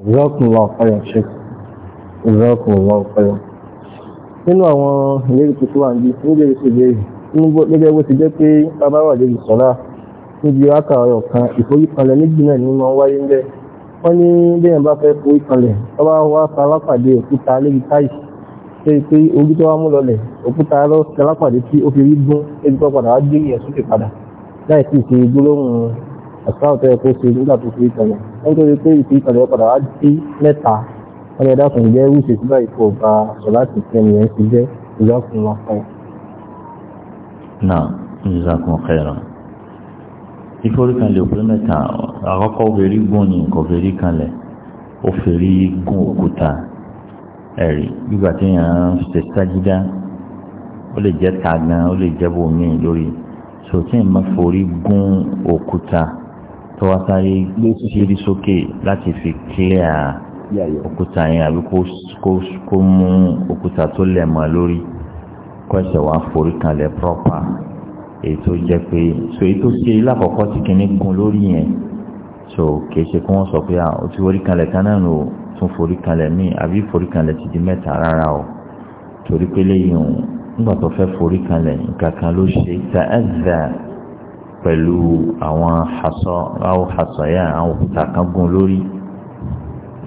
ìzọ́kùn lọ fẹ́yọ̀ ṣe ìzọ́kùn lọ fẹ́yọ̀ nínú àwọn ìlérí tó wà ní nílé ìṣèlérí gẹ́gẹ́ bó ti jẹ́ pé bàbá wà lórí sọ́lá níbi rákà ọ̀rọ̀ kan ìforíkalẹ̀ méjì náà ní mọ́ wáyé ń bẹ́ wọ́n ní bẹ́ẹ̀ bá fẹ́ foríkalẹ̀ bàbá wa farápàdé òkúta lórí táìsì ṣe pé orí tó wá mú lọlẹ̀ òkúta lọ farápàdé tí ó fi rí gún ebi tó padà wá gbé yẹ̀ sókè padà láì sí ìṣe gbólóhùn àṣà ọ̀tọ̀ ẹ̀kọ́ nígbà tó foríkalẹ̀ nítorí pé ìfi ìpàdé padà wá sí mẹ́ta wọ́n yẹ dákùn jẹ́ wíṣẹ́ síbá ìfò bá sọ̀láṣì tí ẹni yẹn ti jẹ́ ìjọkùn lọ fẹ́. náà ìjọkùn kẹrọ ìforíkanlẹ̀ òpé mẹ́ta àkọ́kọ́ fèrí gùn ní nǹkan fèrí kanlẹ̀ ó fèrí gùn òkúta ẹ̀rí gbígbà tí èèyàn ṣe sájídá ó lè jẹ́ tagan ó lè jẹ́ bòmíì lórí sòtí ìmọ̀ forí gùn òkúta. So, tó wá sáré gbé ṣíṣírí sókè láti fi kílíà òkúta yẹn àbí kó mú òkúta tó lẹ̀ mọ́ lórí kó ẹsẹ̀ wá forí kanlẹ̀ pọ́pà èyí tó jẹ́ pé so èyí tó ṣe lákọ̀ọ́kọ́ tí kìíní gun lórí yẹn so kìí ṣe kí wọ́n sọ pé ó ti forí kanlẹ̀ kan náà lò tún forí kanlẹ̀ míì àbí forí kanlẹ̀ ti di mẹ́ta rárá o torí pé lẹ́yìn nígbà tó fẹ́ forí kanlẹ̀ nǹkan kan ló ṣe ta ẹ̀dà pẹ̀lú àwọn hasọ àwọn hasọ̀yà àwọn òkúta kan gún lórí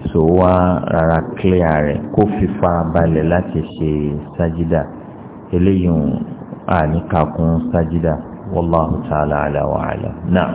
so wá rárá clear rẹ̀ kó fi farabalẹ̀ láti ṣe sájídà eléyìí àníkàkún sájídà wallahu ta'ala ala wa náà.